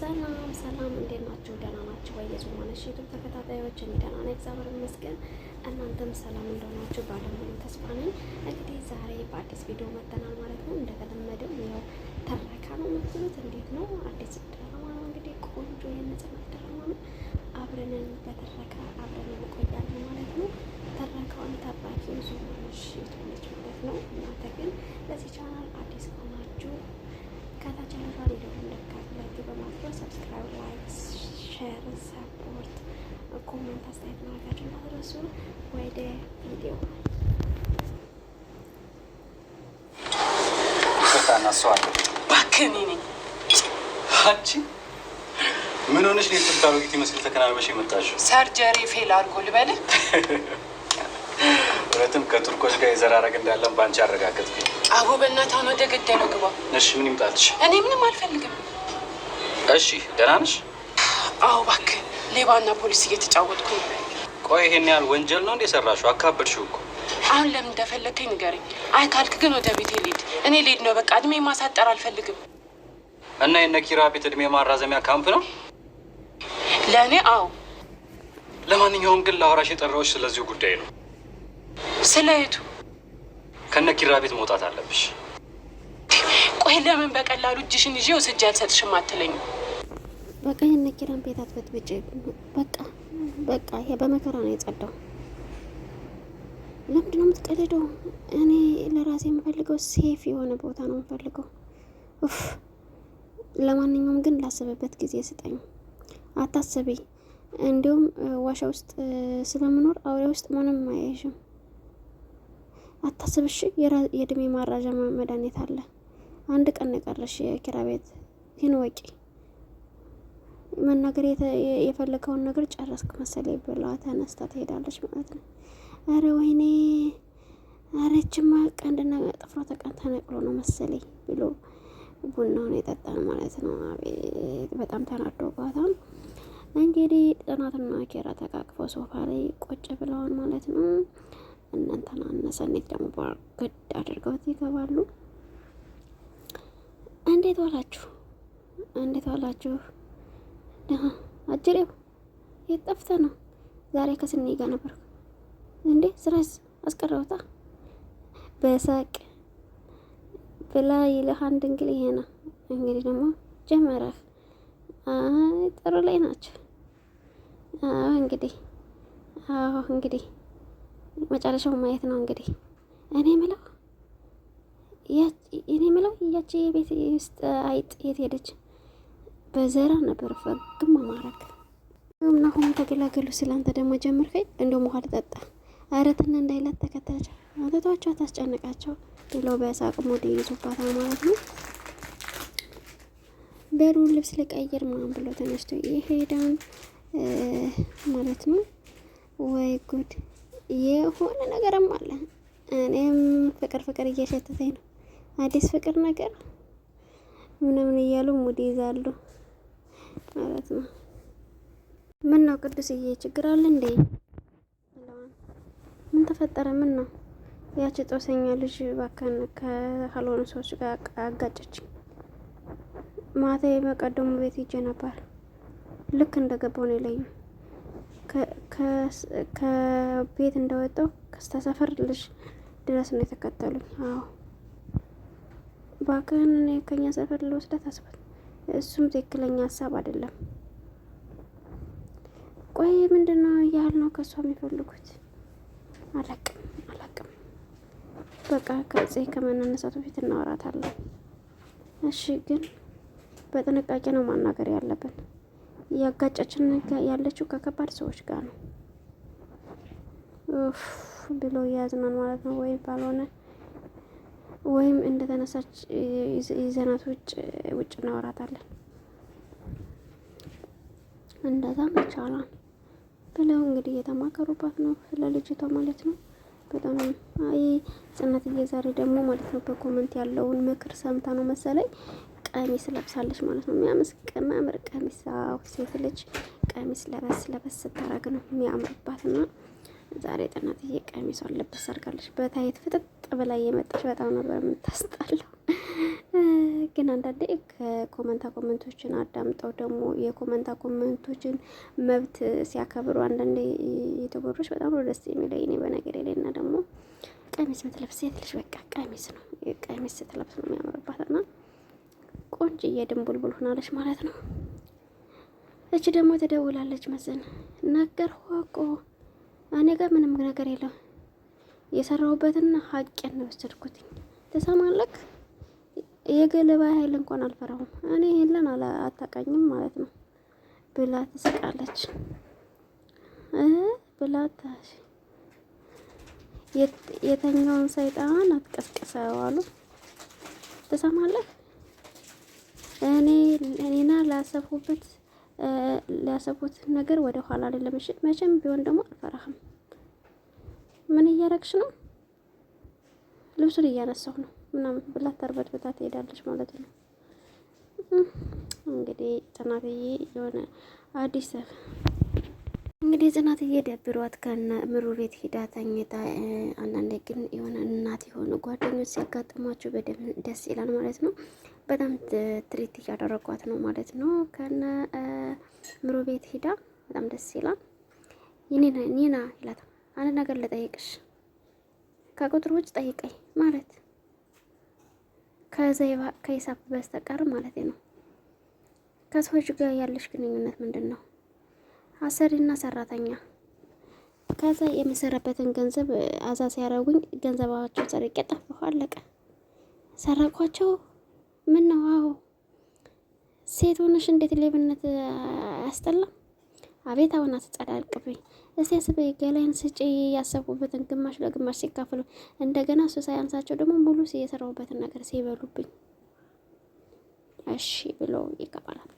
ሰላም ሰላም፣ እንዴት ናችሁ? ደህና ናችሁ ወይ? የዙማነሽ ዩቱብ ተከታታዮች እኔ ደህና ነኝ፣ እግዚአብሔር ይመስገን። እናንተም ሰላም እንደሆናችሁ ባለሙሉ ተስፋ ነኝ። እንግዲህ ዛሬ በአዲስ ቪዲዮ መጥተናል ማለት ነው። እንደተለመደው ያው ትረካ ነው የምትሉት እንዴት ነው? አዲስ ድራማ ነው እንግዲህ ቆንጆ የነጽነት ድራማ ነው። አብረንን በትረካ አብረን እንቆያለን ማለት ነው። ትረካውን ተራኪ ዙማነሽ ዩቱብ ነች ማለት ነው። እናንተ ግን ለዚህ ቻናል አዲስ ከሆናችሁ ከታችን ሻሪ ደግሞ እንደካፍላጊ በማድረግ ሰብስክራይብ፣ ላይክ፣ ሼር፣ ሰፖርት፣ ኮመንት አስተያየት ማድረግ እንዳትረሱ። ወደ ቪዲዮ ታናሷል። እባክህ ነኝ። አንቺ ምን ሆነሽ ነው? የስልት ይመስል ተከናንበሽ የመጣሽው ሰርጀሪ ፌል አድርጎ ልበልህ በትም ከቱርኮች ጋር የዘራረግ እንዳለን በአንቺ አረጋገጥኩኝ። አቡ በእናትህ አሁን ወደ ገዳይ ነው ግባ። እሺ ምን ይምጣልሽ? እኔ ምንም አልፈልግም። እሺ ደህና ነሽ? አዎ እባክህ፣ ሌባና ፖሊስ እየተጫወትኩ ነው። ቆይ ይሄን ያህል ወንጀል ነው እንዴ ሰራሽው? አካበድሽው እኮ አሁን ለምን እንደፈለግከኝ ንገረኝ። አይ ካልክ ግን ወደ ቤቴ ልሂድ። እኔ ልሂድ ነው በቃ። እድሜ ማሳጠር አልፈልግም። እና የነ ኪራ ቤት እድሜ ማራዘሚያ ካምፕ ነው ለእኔ። አዎ ለማንኛውም ግን ለአውራሽ የጠራዎች ስለዚሁ ጉዳይ ነው። ስለየቱ ከነ ኪራ ቤት መውጣት አለብሽ። ቆይ ለምን በቀላሉ እጅሽን ይዤ ወስጄ አልሰጥሽም አትለኝ? በቃ የነ ኪራን ቤት አትበጥብጭ። በቃ በቃ ይሄ በመከራ ነው የጸዳው። ለምንድነው የምትቀልደው? እኔ ለራሴ የምፈልገው ሴፍ የሆነ ቦታ ነው የምፈልገው። ፍ ለማንኛውም ግን ላሰበበት ጊዜ ስጠኝ። አታስቢ፣ እንዲሁም ዋሻ ውስጥ ስለምኖር አውሬ ውስጥ ምንም አያይሽም። አታስብሽ፣ የእድሜ ማራዣ መድኃኒት አለ። አንድ ቀን የቀረሽ የኪራ ቤት ግን ወቂ መናገር የፈለገውን ነገር ጨረስክ መሰለኝ ብላ ተነስታ ትሄዳለች ማለት ነው። አረ ወይኔ አረችማ ቀንድና ጥፍሯ ተቀን ተነቅሎ ነው መሰለኝ ብሎ ቡናውን የጠጣን ማለት ነው። አቤት በጣም ተናዶባታል። እንግዲህ ጽናትና ኬራ ተቃቅፈው ሶፋ ላይ ቆጭ ብለዋል ማለት ነው። እናንተን አነሰ። እንዴት ደግሞ በግድ አድርገውት ይገባሉ። እንዴት ዋላችሁ? እንዴት ዋላችሁ? አጅሬው የት ጠፍተህ ነው? ዛሬ ከስኒ ጋር ነበር እንዴ? ስራስ አስቀረውታ በሳቅ ብላ ይልሃን ድንግል ይሄ ነው እንግዲህ ደግሞ ጀመረ። ጥሩ ላይ ናቸው እንግዲህ አዎ እንግዲህ መጨረሻው ማየት ነው እንግዲህ። እኔ ምለው እኔ ምለው ያቺ የቤት ውስጥ አይጥ የት ሄደች? በዘራ ነበር ፈግም ማረግ እና አሁን ተገላገሉ። ስላንተ ደግሞ ጀምርከኝ እንደውም ውሃ ልጠጣ አረትና እንዳይላት ተከተለች። አተቷቸው ታስጨንቃቸው ብለው በሳቅ ሞድ ይይዙባታል ማለት ነው። በሩ ልብስ ልቀይር ምናምን ብሎ ተነስቶ ይሄዳን ማለት ነው። ወይ ጉድ የሆነ ነገርም አለ። እኔም ፍቅር ፍቅር እየሸተተኝ ነው። አዲስ ፍቅር ነገር ምናምን እያሉ ሙድ ይዛሉ ማለት ነው። ምን ነው ቅዱስዬ፣ ችግር አለ እንዴ? ምን ተፈጠረ? ምን ነው ያቺ ጦሰኛ ልጅ ባከን ከካልሆኑ ሰዎች ጋር አጋጨች። ማታ በቀደሙ ቤት ሂጄ ነበር። ልክ እንደገባው ነው የለዩ ከቤት እንደወጣው ከስተሰፈር ልጅ ድረስ ነው የተከተሉኝ። አዎ ባክህን ከኛ ሰፈር ልወስዳት አስበት። እሱም ትክክለኛ ሀሳብ አይደለም። ቆይ ምንድን ነው ያህል ነው ከእሷ የሚፈልጉት? አላቅም አላቅም። በቃ ከዚህ ከመናነሳቱ ፊት እናወራታለን። እሺ ግን በጥንቃቄ ነው ማናገር ያለብን። ያጋጫችን ያለችው ከከባድ ሰዎች ጋር ነው። ብሎ ያዝናል ማለት ነው። ወይም ባልሆነ ወይም እንደተነሳች ይዘናት ውጭ ውጭ እናወራታለን እንደዛም ይቻላል ብለው እንግዲህ እየተማከሩባት ነው ስለ ልጅቷ ማለት ነው። በጣም አይ ጽናትዬ ዛሬ ደግሞ ማለት ነው በኮመንት ያለውን ምክር ሰምታ ነው መሰለኝ ቀሚስ ለብሳለች ማለት ነው። የሚያምስ የሚያምር ቀሚስ ሴት ልጅ ቀሚስ ለበስ ለበስ ስታረግ ነው የሚያምርባትና ዛሬ ጥናትዬ ቀሚሷን ልብስ አድርጋለች። በታይት ፍጥጥ ብላ እየመጣች በጣም ነበር የምታስጣለው። ግን አንዳንዴ ከኮመንታ ኮመንቶችን አዳምጠው ደግሞ የኮመንታ ኮመንቶችን መብት ሲያከብሩ አንዳንዴ የተጎሮች በጣም ነው ደስ የሚለው። እኔ በነገር የሌና ደግሞ ቀሚስ ምትለብስ ሴት ልጅ በቃ ቀሚስ ነው ቀሚስ ስትለብስ ነው የሚያምርባት እና ቆንጆ እየድንቡልቡል ሆናለች ማለት ነው። እች ደግሞ ትደውላለች መዘን ነገር ሆቆ እኔ ጋር ምንም ነገር የለም። የሰራሁበትና ሀቄን ነው የወሰድኩት። ተሰማለክ የገለባ ኃይል እንኳን አልፈራሁም። እኔ አለ አታውቃኝም ማለት ነው ብላ ትስቃለች ብላ የተኛውን ሰይጣን አትቀስቅሰው አሉ። ትሰማለህ? እኔ እኔና ላሰብኩበት ሊያሰቡት ነገር ወደ ኋላ አይደለም። መቼም ቢሆን ደግሞ አልፈራህም። ምን እያረግሽ ነው? ልብሱን እያነሳሁ ነው ምናምን ብላ በታ ትሄዳለች ማለት ነው። እንግዲህ ጽናትዬ የሆነ አዲስ እንግዲህ ጽናትዬ ደብሯት ከነ ምሩ ቤት ሂዳ ተኝታ፣ አንዳንዴ ግን የሆነ እናት የሆኑ ጓደኞች ሲያጋጥሟቸው በደንብ ደስ ይላል ማለት ነው። በጣም ትሪት እያደረጓት ነው ማለት ነው። ከነ ምሮ ቤት ሂዳ በጣም ደስ ይላል። ኒና ይላት አንድ ነገር ልጠይቅሽ፣ ከቁጥር ውጭ ጠይቀኝ ማለት ከሂሳብ በስተቀር ማለት ነው። ከሰዎች ጋር ያለሽ ግንኙነት ምንድን ነው? አሰሪና ሰራተኛ ከዛ የምሰራበትን ገንዘብ አዛ ሲያደርጉኝ ገንዘባቸው ሰርቄ ጠፋሁ፣ አለቀ። ሰረቋቸው ምን ነው? አዎ ሴት ሆነሽ እንዴት ሌብነት አያስጠላም? አቤት አሁን አትጸዳልቅብኝ። እስቲ ስብ ገላይን ስጪ። ያሰብኩበትን ግማሽ ለግማሽ ሲካፈሉ እንደገና እሱ ሳያንሳቸው ደግሞ ሙሉ የሰራሁበትን ነገር ሲበሉብኝ፣ እሺ ብሎ ይቀበላል።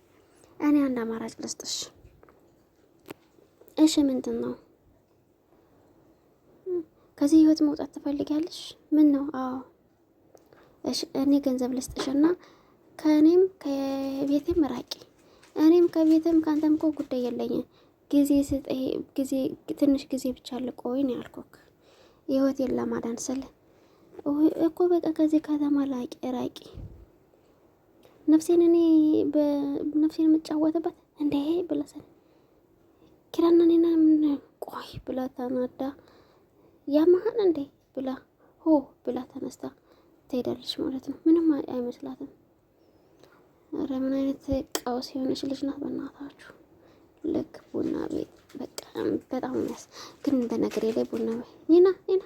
እኔ አንድ አማራጭ ልስጥሽ። እሺ ምንድን ነው? ከዚህ ህይወት መውጣት ትፈልጊያለሽ? ምን ነው? አዎ እኔ ገንዘብ ልስጥሽና ከእኔም ከቤቴም ራቂ። እኔም ከቤትም ከአንተም እኮ ጉዳይ የለኝም። ጊዜ ስጠይ ጊዜ ትንሽ ጊዜ ብቻ ልቆይ ነው ያልኩክ የሆቴል ለማዳን ስል እኮ በቃ ከዚህ ከተማ ላቂ ራቂ። ነፍሴን እኔ በነፍሴን የምጫወትበት እንዴ ብለሰል ኪራና እኔና ምን ቆይ ብላ ተናዳ ያመሀን እንዴ ብላ ሆ ብላ ተነስታ ትሄዳለች ማለት ነው። ምንም አይመስላትም። ኧረ ምን አይነት ቀውስ የሆነች ልጅ ናት! በእናታችሁ ልክ ቡና ቤት በጣም በጣም ያስ ግን በነገሬ ላይ ቡና ቤት ኒና ኒና፣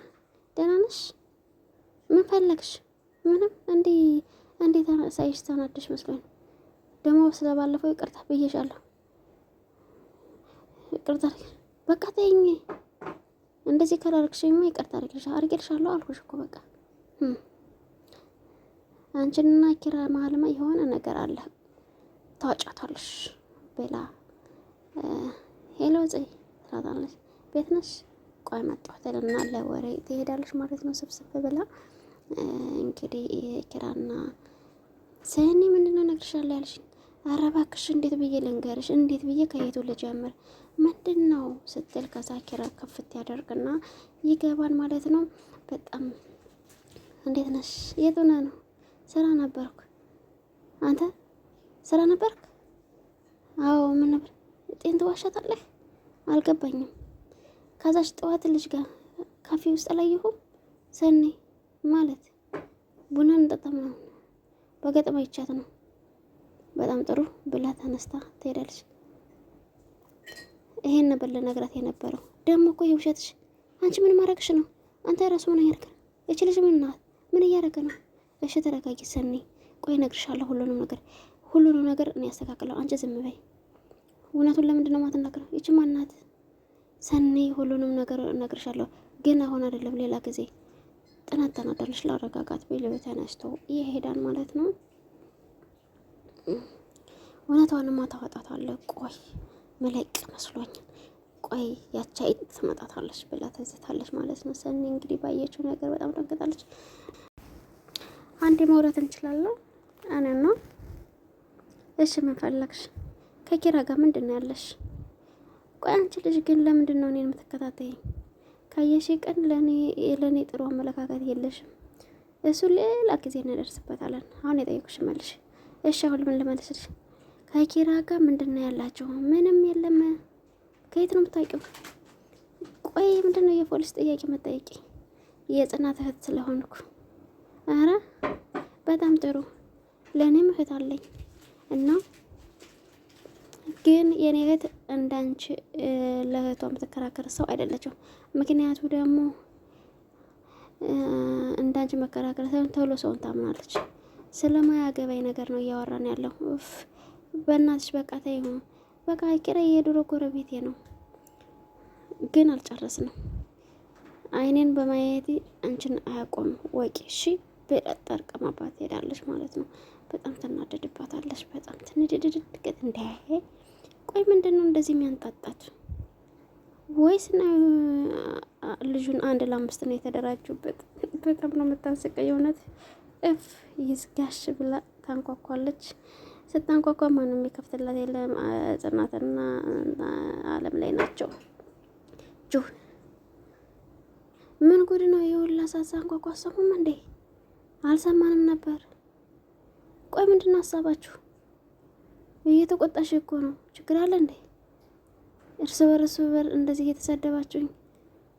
ደህና ነሽ? ምን ፈለግሽ? ምንም እንዴ እንዴ ተነሳይሽ ተናደሽ መስሎኝ። ደግሞ ስለባለፈው ይቅርታ ብዬሻለሁ። ይቅርታ በቃ ተይኝ። እንደዚህ ካላደረግሽኝማ ይቅርታ አድርጌልሻለሁ አልኩሽ እኮ በቃ አንቺንና ኪራ መሀልማ የሆነ ነገር አለ ታጫታለሽ ብላ ሄሎ ጽይ ትላታለች። ቤት ነሽ? ቆይ መጣሁ ትልና ለወሬ ትሄዳለች ማለት ነው። ስብስብ ብላ እንግዲህ ኪራና ሰኒ ምንድነው እነግርሻለሁ ያልሽኝ? ኧረ እባክሽ እንዴት ብዬ ልንገርሽ? እንዴት ብዬ ከየቱ ልጀምር? ምንድን ነው ስትል ከዛ ኪራ ከፍት ያደርግና ይገባል ማለት ነው። በጣም እንዴት ነሽ? የት ነው ስራ ነበርኩ። አንተ ስራ ነበርክ? አዎ። ምን ነበር? ጤን ትዋሻታለህ? አልገባኝም። ከዛች ጠዋት ልጅ ጋር ካፌ ውስጥ አላየሁም። ሰኔ ማለት ቡና እንጠጣም ነው። በገጠማ ይቻት ነው። በጣም ጥሩ ብላ ተነስታ ትሄዳለች። ይሄን ነበር ለነግራት የነበረው። ደግሞ እኮ የውሸትሽ አንቺ ምን ማድረግሽ ነው? አንተ የራሱ ምን ያደርግ እች ልጅ ምን ናት? ምን እያደረገ ነው? እሺ ተረጋጊ ሰኒ፣ ቆይ እነግርሻለሁ ሁሉንም ነገር ሁሉንም ነገር እኔ ያስተካክለው፣ አንቺ ዝም በይ። እውነቱን ለምንድን ነው የማትናገረው? ይቺ ማናት? ሰኒ፣ ሁሉንም ነገር እነግርሻለሁ፣ ግን አሁን አይደለም፣ ሌላ ጊዜ። ጥናት ተናዳለች፣ ላረጋጋት ቢሉ ተነስተው ይሄዳል ማለት ነው። እውነቷንማ ታወጣታለህ። ቆይ መለቅ መስሎኝ ቆይ ያቻ ትመጣታለች ብላ ተዝታለች ማለት ነው። ሰኒ እንግዲህ ባየችው ነገር በጣም ደንግጣለች። አንዴ መውራት እንችላለን። ነው? እሺ፣ ምን ፈለግሽ? ከኪራ ጋር ምንድን ነው ያለሽ? ቆይ አንቺ ልጅ ግን ለምንድን ነው እኔን የምትከታተይ? ካየሽ ቀን ለኔ ለኔ ጥሩ አመለካከት የለሽም። እሱ ሌላ ጊዜ እንደርስበታለን። አሁን የጠየኩሽ መልሽ። እሺ፣ አሁን ምን ልመልስልሽ? ከኪራ ጋር ምንድን ነው ያላችሁ? ምንም የለም። ከየት ነው የምታውቂው? ቆይ ምንድን ነው የፖሊስ ጥያቄ መጠየቂ? የጽናት እህት ስለሆንኩ አረ በጣም ጥሩ ለእኔም እህት አለኝ እና ግን የኔ እህት እንዳንቺ ለእህቷ የምትከራከር ሰው አይደለችም። ምክንያቱ ደግሞ እንዳንቺ መከራከር ሳይሆን ቶሎ ሰውን ታምናለች። ስለማያገባኝ ነገር ነው እያወራን ያለው። በእናትሽ በቃ ተይሁ። በቃ ቂራ የድሮ ጎረቤቴ ነው፣ ግን ነው። አይኔን በማየት አንቺን አያቆም ወቂ እሺ ብረት ቀማባት ሄዳለች ማለት ነው። በጣም ትናደድባታለች። በጣም ትንድድድቅጥ እንዲያሄ ቆይ ምንድን ነው እንደዚህ የሚያንጣጣት? ወይስ ልጁን አንድ ለአምስት ነው የተደራጁበት? በጣም ነው የምታንስቀው የእውነት እፍ ይዝጋሽ ብላ ታንኳኳለች። ስታንኳኳ ማንም የከፍትላት የለም። ጽናትና አለም ላይ ናቸው። ጆ ምን ጉድ ነው የወላ ሳሳንኳኳ ሰሙም እንዴ አልሰማንም ነበር። ቆይ ምንድን ነው ሀሳባችሁ? እየተቆጣሽ እኮ ነው። ችግር አለ እንዴ? እርስ በርስ በር እንደዚህ እየተሳደባችሁኝ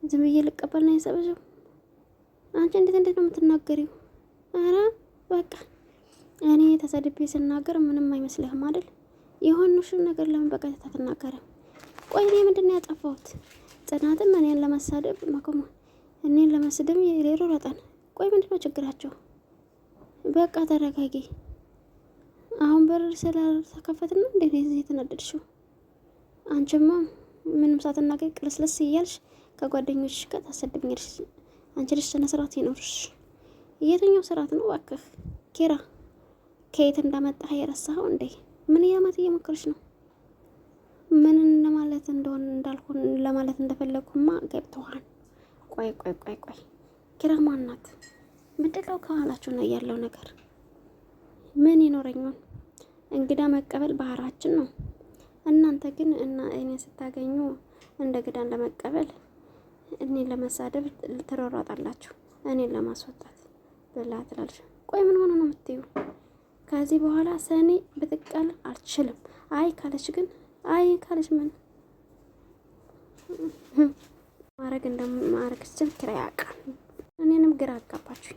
ዝም ብዬ ልቀበል ነው የሰበሰብ? አንቺ እንዴት እንዴት ነው የምትናገሪው? አረ በቃ እኔ ተሰድቤ ስናገር ምንም አይመስልህም አይደል? የሆንሽን ነገር ለምን በቀጥታ ትናገርም? ቆይ እኔ ምንድን ነው ያጠፋሁት? ጽናትም እኔን ለመሳደብ መኮማ እኔን ለመስደብ የሌሮ ረጠን። ቆይ ምንድን ነው ችግራቸው? በቃ ተረጋጊ። አሁን በር ስላልተከፈት ነው እንዴ እዚህ የተናደድሽው? አንቺማ ምንም ሳትናገሪ ቅልስለስ እያልሽ ከጓደኞች ጋር ታሰድብኛለሽ። አንቺ ልጅ ስነ ስርዓት ይኖርሽ። የትኛው ስርዓት ነው እባክህ? ኪራ ከየት እንዳመጣህ የረሳኸው እንዴ? ምን እያመት እየሞከረች ነው? ምን ለማለት እንደሆነ እንዳልሆን ለማለት እንደፈለጉማ ገብተዋል። ቆይ ቆይ ቆይ ቆይ ኪራ ማናት? ምንድነው ከኋላችሁ ነው ያለው ነገር? ምን ይኖረኛል? እንግዳ መቀበል ባህራችን ነው። እናንተ ግን እና እኔ ስታገኙ እንደ ግዳን ለመቀበል እኔን ለመሳደብ ትሮሯጣላችሁ፣ እኔን ለማስወጣት ብላ ትላለች። ቆይ ምን ሆነ ነው የምትዩ? ከዚህ በኋላ ሰኔ ብትቀል አልችልም። አይ ካለች ግን አይ ካለች ምን ማድረግ እንደማድረግ ስል ኪራይ ያውቃል። እኔንም ግራ አጋባችሁ።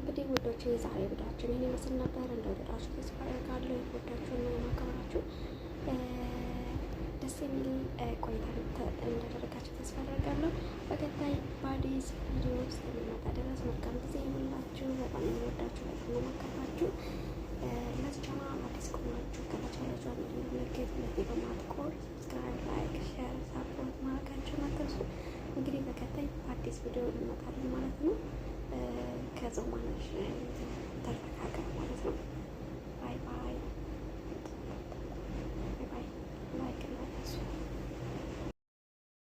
እንግዲህ ውዶች የዛሬ ቪዲዮችን ይህን ይመስል ነበር። እንደ ወደዳችሁ ተስፋ አደርጋለሁ። የወዳችሁና የማከብራችሁ ደስ የሚል ቆይታ እንዳደረጋችሁ ተስፋ አደርጋለሁ። በቀጣይ በአዲስ ቪዲዮ እስከምንመጣ ድረስ መልካም ጊዜ ይሁንላችሁ። በአዲስ ቪዲዮ እንመጣለን ማለት ነው። ከጾም ማነሽ ተረጋጋ